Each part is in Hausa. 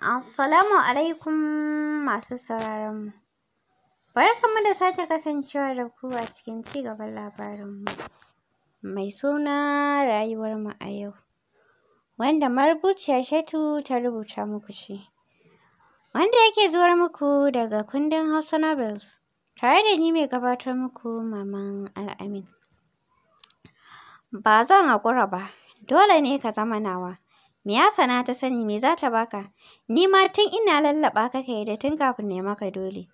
Assalamu alaikum masu sauraronmu. Barkanmu da sake kasancewa da ku a cikin ci cigaban labarinmu mai suna rayuwarmu a yau, wanda marubuciya Shatu ta rubuta muku shi, wanda yake zuwar muku daga kundin Hausa Novels tare da ni mai gabatar muku Maman Al'amin. Ba zan haƙura ba, dole ne ka zama nawa. Me sana ta sani me za ta baka? Ni ma tun ina lallaɓa ka ka da tun kafin na maka dole.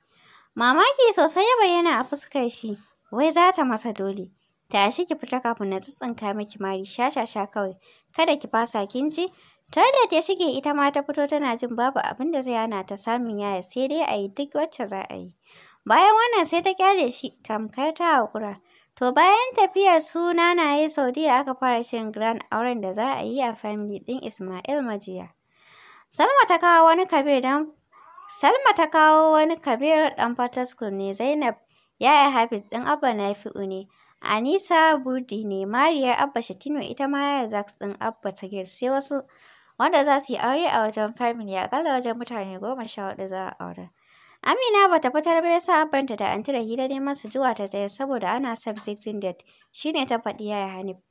Mamaki sosai ya bayyana a fuskar shi, wai za ta masa dole. Ta shi ki fita kafin na tsitsinka miki mari shashasha kawai, kada ki fasa kin ji. Toilet ya shige ita ma ta fito tana jin babu abin da zai hana ta samun yaya sai dai a yi duk wacce za a yi. Bayan wannan sai ta kyale shi tamkar ta haƙura. To bayan tafiyar suna su sau Saudiya aka fara shirin grand auren da za a yi a family din Ismail Majiya. Salma ta kawo wani kabir dan Salma ta kawo wani kabir dan ne Zainab yaya Hafiz ɗin Abba Nafi'u ne. Anisa Budi ne Mariyar Abba Shatino ita ma ya Zaks ɗin Abba Tagir sai wasu wanda za su yi aure a wajen family akalla wajen mutane goma sha hudu za a auren. Amina ba ta fitar ba yasa abbanta da anti da hira ne masu zuwa ta tsaye saboda ana son fixing date shine ta faɗi yaya Hanif.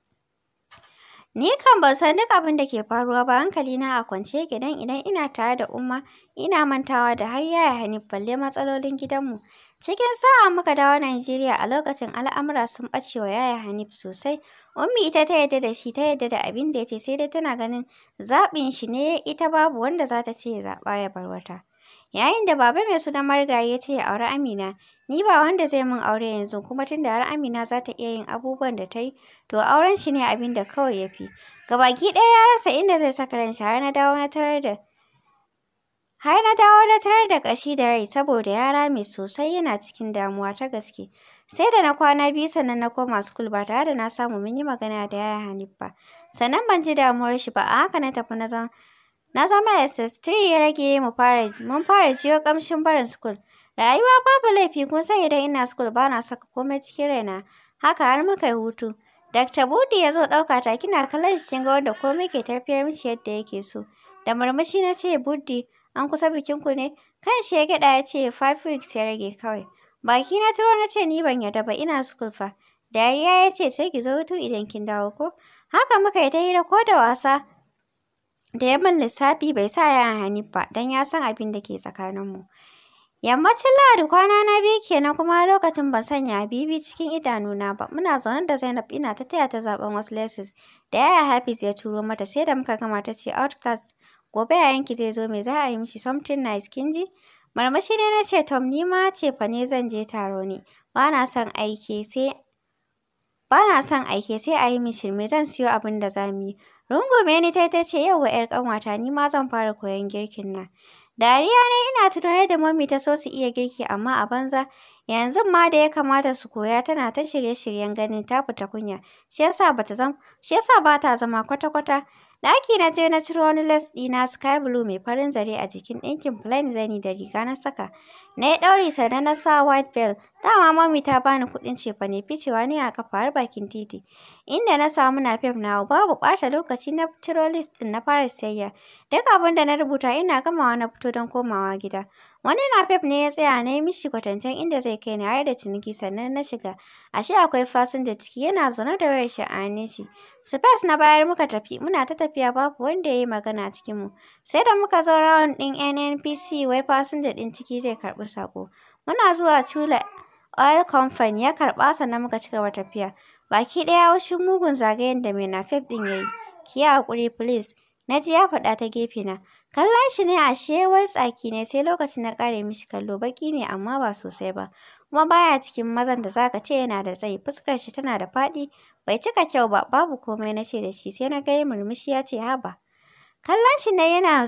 Ni kan ban san duk abin da ke faruwa ba hankali na a kwance yake idan ina tare da umma ina mantawa da har yaya Hanif balle matsalolin gidanmu. Cikin sa'a muka dawo Najeriya a lokacin al'amura sun ɓace wa yaya Hanif sosai. Ummi ita ta yadda da shi ta yadda da abin da ya ce sai dai tana ganin zaɓin shi ne ita babu wanda za ta ce zaɓa ya bar wata. Yayin da baba mai suna marigayi ya ce ya auri Amina, ni ba wanda zai mun aure yanzu kuma tunda har Amina za ta iya yin abubuwan da ta yi, to auren shi ne abin da kawai ya fi. Gabaki ɗaya ya rasa inda zai saka ran har na dawo na tarar da har na dawo na tarar da ƙashi da rai saboda ya rame sosai yana cikin damuwa ta gaske. Sai da na kwana biyu sannan na koma school ba tare da na samu mun yi magana da yaya Hanif ba. Sannan ban ji damuwar shi ba a haka na tafi na zama Na zama SS3 ya rage mu fara mun fara jiyo kamshin barin school. Rayuwa babu laifi kun san idan ina school ba na saka komai cikin raina. Haka har muka yi hutu. Dr. Budi ya zo ɗauka ta kina kallon shi ga wanda komai ke tafiyar mishi yadda yake so. Da murmushi na ce Budi an kusa bikin ku ne? Kan shi ya gyaɗa ya ce five weeks ya rage kawai. Baki na turo na ce ni ban yarda ba ina school fa. Dariya ya ce sai ki zo hutu idan kin dawo ko? Haka muka yi ta hira ko da wasa. da ya min lissafi bai sa ya Hanif ba don ya san abin da ke tsakaninmu. Yammacin Lahadi kwana na biyu kenan kuma lokacin ban sanya bibi cikin idanu na ba. Muna zaune da Zainab ina ta taya ta zaben wasu lessons da yaya Hafiz ya turo mata sai da muka gama ta ce outcast gobe yayanki zai zo mai za a yi mishi something nice ji Marmashi ne na ce Tom ni ma ce fa ne zan je taro ne. Ba na son aike sai ba son aike sai a yi mishi me zan siyo abin da za mu yi. Rungume ni tai ta ce wa 'yar ƙanwata ni ma zan fara koyon girkin nan. Dariya ne ina tuno yadda mami ta so su iya girki amma a banza. Yanzu ma da ya kamata su koya tana ta shirye-shiryen ganin ta fita kunya. Shi yasa ba ta zama kwata-kwata. Ɗaki na je na ciro wani les ɗina sky blue mai farin zare a jikin ɗinkin plain zani da riga na saka. Na yi ɗauri sannan na sa white bell. Dama mami ta bani kuɗin cefane ficewa ne a kafa har bakin titi. Inda na samu na fef na babu ɓata lokaci na ciro list ɗin na fara sayayya. Duk abin da na rubuta ina gamawa na fito don komawa gida. Wani nafef ne ya tsaya na yi mishi kwatancen inda zai kai ni har da ciniki sannan na shiga. Ashe akwai fasinja ciki yana zaune da wayar shi a hannun shi. Spes na bayar muka tafi muna ta tafiya babu wanda ya yi magana cikin mu. Sai da muka zo rawan ɗin NNPC wai fasinja ɗin ciki zai karɓi sako. Muna zuwa Chula Oil Company ya karɓa sannan muka ci gaba tafiya. Baki ɗaya haushin mugun zagayen da mai Nafep ɗin ya yi. Ki yi haƙuri please. Na ji ya faɗa ta gefe na. Kallon shi ne ashe wai tsaki ne sai lokacin na ƙare mishi kallo baƙi ne amma ba sosai ba. Kuma baya cikin mazan da zaka ce yana da tsayi fuskar shi tana da faɗi bai cika kyau ba babu komai na ce da shi sai na ga ya murmushi ya ce haba. Kallon shi ne yana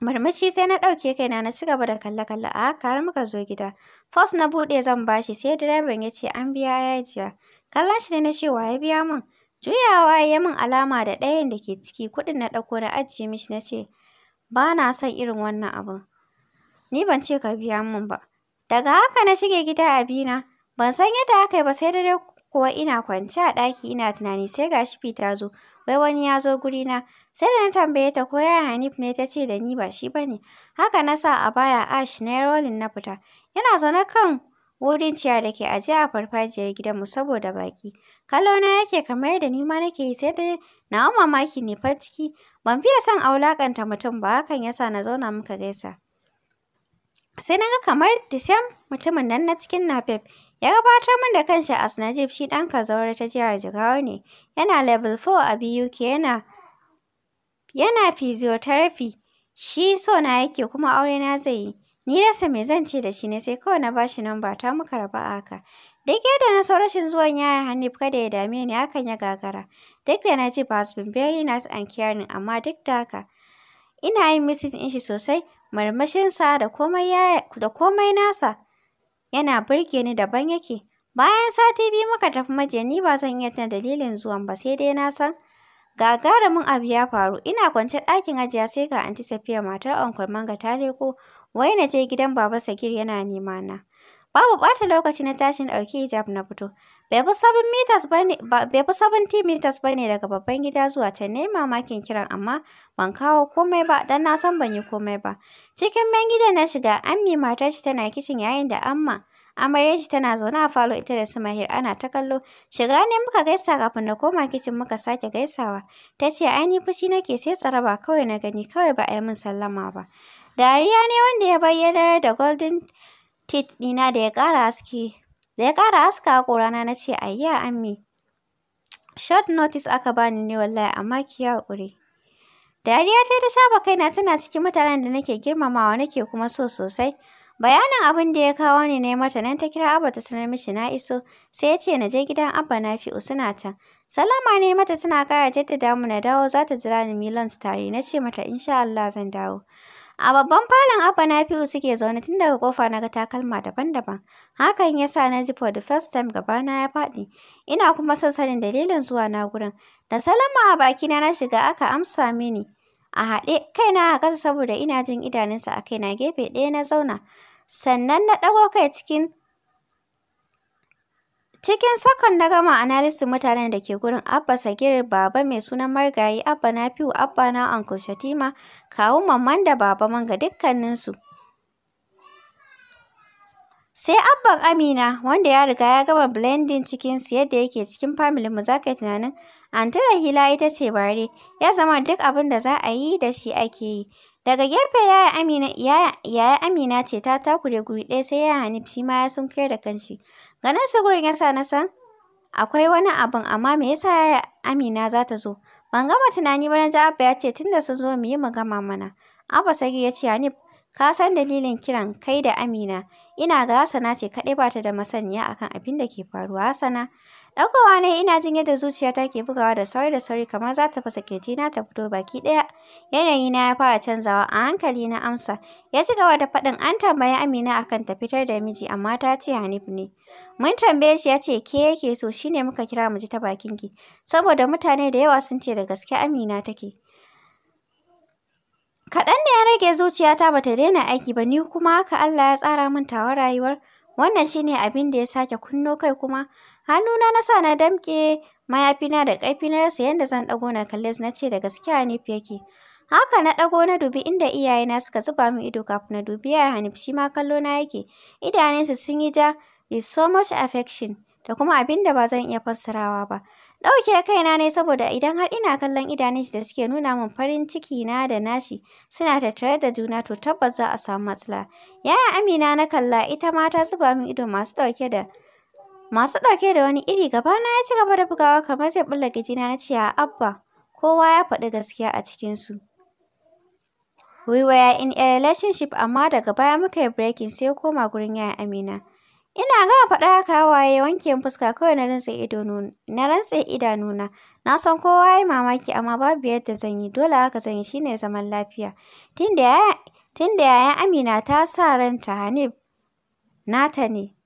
Marmaci sai na ɗauke kaina na ci gaba da kalle-kalle a haka har muka zo gida. Fos na buɗe zan bashi sai direban ya ce an biya yajiya. Kallon shi ne na ce wa ya biya min. Juyawa ya min alama da ɗayan da ke ciki kuɗin na ɗauko na ajiye mishi na ce Ba na son irin wannan abun. Ni ban ce ka biya min ba. Daga haka na shige gida abina. Ban san yadda aka yi ba sai dare kuwa ina kwance a ɗaki ina tunani sai ga shi ta zo. Wai wani ya zo guri na? Sai da na tambaye ta ko yaya Hanif ne ta ce da ni ba shi ba ne. Haka na sa a baya ash na rolling na fita. Yana zaune kan wurin ciya da ke ajiye a farfajiyar gidanmu saboda baƙi. Kalona yake kamar yadda ni ma nake yi sai dai na mamaki ne fa ciki. Ban fiye son a wulaƙanta mutum ba hakan ya sa na zauna muka gaisa. Sai na ga kamar Disem mutumin nan na cikin Napep ya gabatar min da kanshi a Najib shi ɗan Kazaure ta jihar Jigawa ne. Yana level four a BUK yana yana physiotherapy. Shi so na yake kuma aure na zai yi. Ni rasa me zan ce da shi ne sai kawai na ba shi namba ta muka rabu a haka. Duk yadda na so rashin zuwan yaya Hanif kada ya dame ni hakan ya gagara. Duk da na ji ba been very nice and caring amma duk da haka. Ina yin missing ɗin shi sosai marmashinsa da komai yaya da komai nasa. Yana burge ni daban yake. Bayan sati biyu muka tafi maje ni ba zan iya tuna dalilin zuwan ba sai dai na san gagarumin abu ya faru ina kwance ɗakin ajiya sai ga anti safiya matar uncle manga ta leko wai na je gidan Baba Sagir yana nema na. Babu ɓata lokaci na tashin ɗauki hijab na fito. Bai fi sabon meters ba ne daga babban gida zuwa can Na yi mamakin kiran amma ban kawo komai ba dan na san ban yi komai ba. Cikin ban gidan na shiga Ammi matar shi tana kicin yayin da Amma amarya shi tana zaune a falo ita da su Mahir ana ta kallo. Shiga ne muka gaisa kafin na koma kicin muka sake gaisawa. Ta ce ainihin fushi nake sai ba kawai na gani kawai ba a yi min sallama ba. Dariya ne wanda ya bayyanar da golden teeth ɗina da ya ƙara haske. Da ya ƙara haska haƙorana na ce ayya ammi. Short notice aka bani ne wallahi amma ki haƙuri. Dariya ta ta saba kaina tana cikin mutanen da nake girmamawa nake kuma so sosai. Bayanin abin da ya kawo ni ne mata nan ta kira Abba ta sanar mishi na iso sai ya ce na je gidan Abba Nafi'u suna can. Salama ne mata tana kara jaddada mu na dawo za ta jira ni Milan tare na ce mata insha Allah zan dawo. A babban falon Abba na suke zaune tun daga kofa na ga takalma daban-daban. Hakan ya sa na ji for the first time gabana ya faɗi. Ina kuma son sanin dalilin zuwa na gurin. Da salama a bakina na shiga aka amsa mini. A haɗe kaina a ƙasa saboda ina jin idanunsa a kaina gefe ɗaya na zauna. Sannan na ɗago kai cikin Cikin sakon na gama analisin mutanen da ke gurin Abba Sagir Baba mai sunan Margayi Abba Nafi'u Abba na Uncle Shatima kawu Mamman da Baba Manga dukkaninsu. Sai Abban Amina wanda ya riga ya gama blending cikin su yadda yake cikin family mu zaka tunanin Antara Hila ita ce bare ya zama duk abin da za a yi da shi ake yi Daga gefe yaya Amina ce ta takure guri ɗaya sai yaya Hanif shi ma ya sunkuyar da kanshi. Ganin su gurin yasa na san akwai wani abin amma me yasa yaya Amina za ta zo? Ban gama tunani ba na ji Abba ya ce tunda sun zo mu yi mu gama mana. Abba sagi ya ce Hanif ka san dalilin kiran kai da Amina. Ina ga Hassana ce kaɗai ba ta da masaniya akan abin da ke faruwa Hassana. Ɗaukowa ne ina jin yadda zuciyata ke bugawa da sauri da sauri kamar za ta fasa na ta fito baki ɗaya. Yanayi na ya fara canzawa a hankali na amsa. Ya ci gaba da faɗin an tambayi Amina akan ta fitar da miji amma ta ce Hanif ne. Mun tambaye shi ya ce ke yake so shine muka kira mu ji ta bakin ki saboda mutane da yawa sun ce da gaske Amina take. Kaɗan ne ya rage zuciyata bata daina aiki ba ni kuma haka Allah ya tsara min tawa rayuwar. Wannan shine abin da ya sake kunno kai kuma Hannuna na sa na damƙe mayafina da ƙarfi na rasa yadda zan ɗago na kalle su na ce da gaskiya Hanif yake. Haka na ɗago na dubi inda iyayena suka zuba min ido kafin na dubi yar Hanif shi ma kallo na yake. Idanunsa sun yi ja with so much affection da kuma abin da ba zan iya fassarawa ba. Ɗauke kaina ne saboda idan har ina kallon shi da suke nuna min farin ciki na da nashi suna tattare da juna to tabbas za a samu matsala. Yaya Amina na kalla ita ma ta zuba min ido masu ɗauke da masu ɗauke da wani iri gabana ya ci gaba da bugawa kamar zai ɓulla gijina na ce abba kowa ya faɗi gaskiya a cikinsu. We were in a relationship amma daga baya muka yi breaking sai koma gurin yayan Amina. Ina ga faɗa haka waye wanke fuska kawai na rantse na rantse idanuna. Na san kowa ya yi mamaki amma babu yadda zan yi dole haka zan yi shine zaman lafiya. Tunda yayan Amina ta sa ranta Hanif nata ne.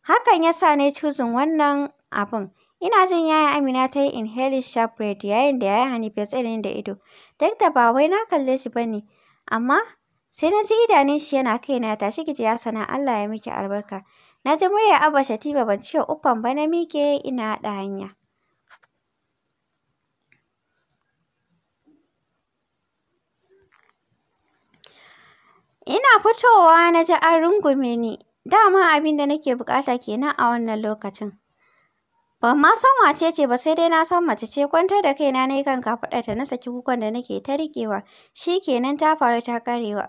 Hakan ya sa na yi cuzin wannan abun. Ina jin yaya Amina ta yi inhaling sharp breath yayin da yaya Hanif ya tsere da ido. Duk da ba wai na kalle shi ba ne, amma sai na ji idanun shi yana kaina ya tashi gida ya sana Allah ya miki albarka. Na ji murya Abba Shatiba ban ce uffan ba na miƙe ina haɗa hanya. Ina fitowa na ji an rungume ni. Dama abin da nake bukata kenan a wannan lokacin. Ban ma san wace ce ba sai dai na san mace ce kwantar da kaina na yi kan ta na saki kukan da nake ta riƙewa. Shi kenan ta faru ta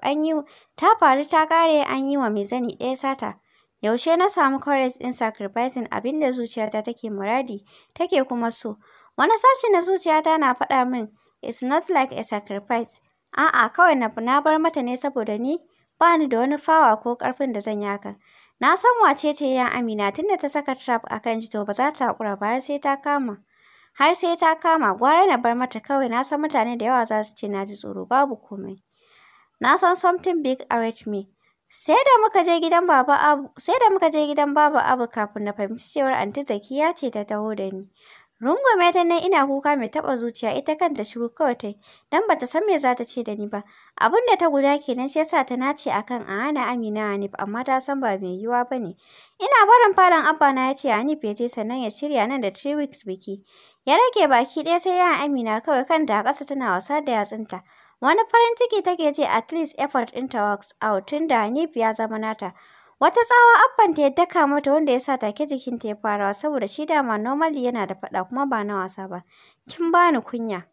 an yi ta faru ta kare an yi wa mai zani ɗaya sata. Yaushe na samu courage ɗin sacrificing abin da zuciyata take muradi take kuma so. Wani sashi na zuciyata na faɗa min it's not like a sacrifice. A'a kawai na bar mata ne saboda ni ba ni da wani fawa ko ƙarfin da zan yaka. Na san wace ce yan Amina tunda ta saka trap a kan jito ba za ta haƙura ba har sai ta kama. Har sai ta kama gwara na bar mata kawai na san mutane da yawa za su ce na ji tsoro babu komai. Na san something big await me. Sai da muka je gidan baba Abu, sai da muka je gidan baba Abu kafin na fahimci cewar anti Zakiya ce ta taho da ni. Rungume ta nan ina kuka mai taɓa zuciya ita kanta shiru kawai tai dan bata san me za ta ce da ni ba. Abin da ta guda kenan shi yasa ta nace akan a hana Amina Hanif amma ta san ba mai yiwa ba ne. Ina barin falon abba na ya ce Hanif ya je sannan ya shirya nan da three weeks biki. Ya rage baki ɗaya sai ya Amina kawai kanta a ƙasa tana wasa da yatsunta. Wani farin ciki take ce at least effort in works out tunda Hanif ya zama nata. Wata tsawa abban ta ya daka mata wanda ya sa take jikinta ya farawa saboda shi dama normally yana da faɗa kuma ba na wasa ba. Kin bani kunya.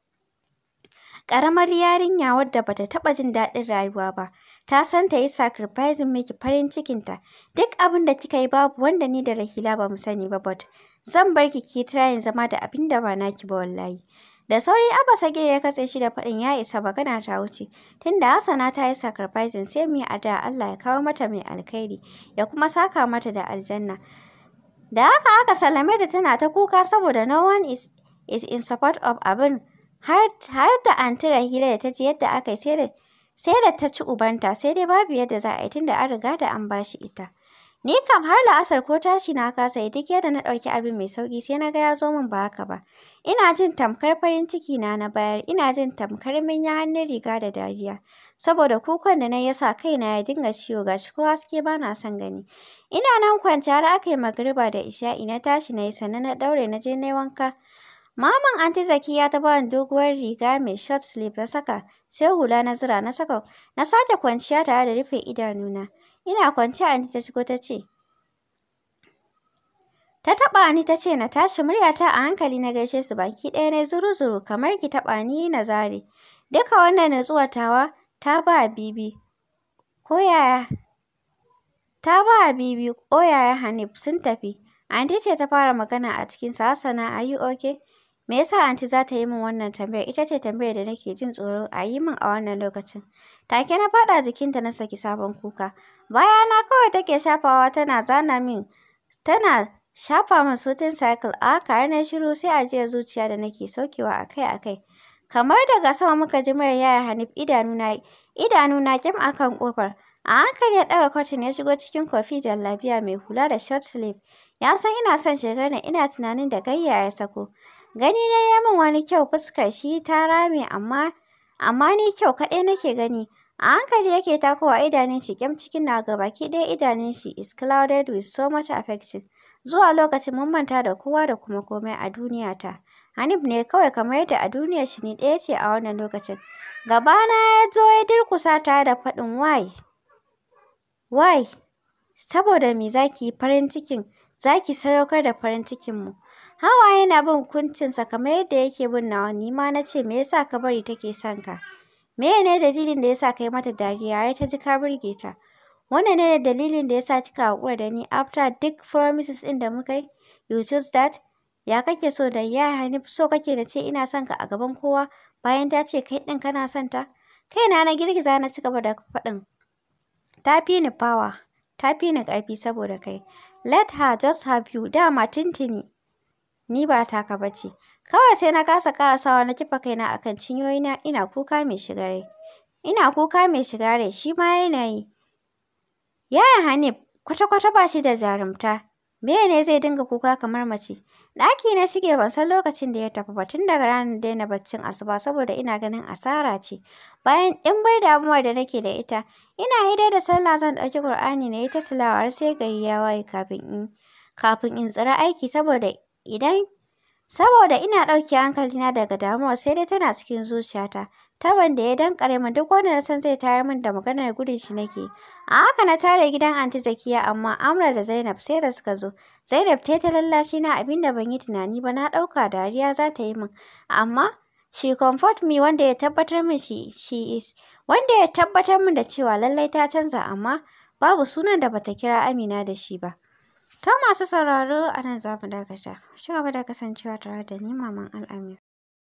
Ƙaramar yarinya wadda bata taɓa jin daɗin rayuwa ba. ta san ta yi sacrificing miki farin cikinta. Duk abin da kika yi babu wanda ni da Rahila ba mu sani ba but zan barki ki ki zama da abinda da ba naki ba wallahi. Da sauri Abba sage ya katse shi da fadin ya isa magana ta wuce. Tunda hasana ta yi sacrificing sai mu yi da Allah ya kawo mata mai alkhairi ya kuma saka mata da aljanna. Da haka aka salame da tana ta kuka saboda no one is, is in support of abin har, da antira hira da ta ji yadda aka yi sai da ta ci ubanta sai dai babu yadda za a yi tunda an riga da an ba shi ita. Ni kam har la'asar ko tashi na kasa yi duk yadda na ɗauki abin mai sauƙi sai na ga ya zo min ba haka ba. Ina jin tamkar farin ciki na na bayar, ina jin tamkar min ya hannun riga da dariya. Saboda kukan da na yasa sa kaina ya dinga ciwo ga shi ko haske ba na son gani. Ina nan kwanci har aka yi magariba da isha'i na tashi na yi sannan na ɗaure na je na yi wanka. Maman Anti ya taɓa wani doguwar riga mai short sleeve na saka, sai hula na zira na saka, na sake kwanciya tare da rufe idanuna. Ina kwance anita ta shigo ta ce. Ta taɓa ni ta ce na tashi muryata a hankali na gaishe su baki ɗaya na zuru-zuru kamar ki taɓa ni na zare. Duka wannan natsuwa tawa ta ba Bibi. Ko yaya? Ta ba Bibi ko yaya Hanif sun tafi. anita ce ta fara magana a cikin sa Hassana are you Me yasa anti za ta yi min wannan tambayar? Ita ce tambayar da nake jin tsoro a yi min a wannan lokacin. Take na faɗa jikinta na saki sabon kuka. Bayana kawai take shafawa tana zana min tana shafa min sutin cycle a kare na shiru sai a jiya zuciya da nake saukewa akai-akai. Kamar daga sama muka ji muryar yaya Hanif idanuna idanuna kyam akan kofar. A hankali ya ɗaga kwatin ya shigo cikin kofi jallabiya mai hula da short sleeve. Ya san ina son shigar ina tunanin da gayya ya sako. Gani na ya min wani kyau fuskar shi ta rame amma amma ni kyau kaɗai nake gani. A hankali yake takowa idanun shi kyam cikin na baki ɗaya idanun shi is clouded with so much affection. Zuwa lokacin mun manta da kowa da kuma komai a duniya ta. Hanif ne kawai kamar yadda a duniyar shi ni ɗaya ce a wannan lokacin. Gabana ya zo ya durkusa ta da faɗin why? Why? Saboda me za ki yi farin cikin, za sadaukar da farin cikinmu. Hawa yana bin kuncinsa kamar yadda yake bin nawa, ni ma na ce me yasa ka bari take son ka? me ne dalilin da yasa kai mata dariya har ta ji ka burge ta? Wannan ne dalilin da yasa kika haƙura da ni after duk promises ɗin da muka yi? You choose that? Ya kake so da ya hani so kake da ce ina son ka a gaban kowa bayan ta ce kai ɗin kana son ta? kai na na girgiza na ci gaba da faɗin. Ta fi ni power ta fi ni ƙarfi saboda kai. Let her just have you, dama tuntuni. ni ba taka ba Kawai sai na kasa karasawa na kifa kaina akan cinyoyina ina kuka mai shigare Ina kuka mai shiga shi ma yana yi. Yaya Hanif kwata-kwata ba shi da jarumta. Meye ne zai dinga kuka kamar mace? Ɗaki na shige ban san lokacin da ya tafi ba tun daga ranar daina baccin asuba saboda ina ganin asara ce. Bayan in bai damuwar da nake da ita, ina hidai da sallah zan ɗauki Kur'ani na yi ta tilawa sai gari ya waye kafin in kafin in tsira aiki saboda idan saboda ina ɗauke na daga damuwa sai dai tana cikin zuciyata taban da ya dankare min duk wanda na san zai tayar min da maganar gudun shi nake a haka na tare gidan anti zakiya amma amra da zainab sai da suka zo zainab ta ta lallashi na abin da ban yi tunani ba na ɗauka dariya za ta yi min amma she comfort me wanda ya tabbatar min she, she is wanda ya tabbatar min da cewa lallai ta canza amma babu sunan da bata kira amina da shi ba Ta masu sauraro a nan za mu dakata. Ci gaba da kasancewa tare da ni Maman Al'amin.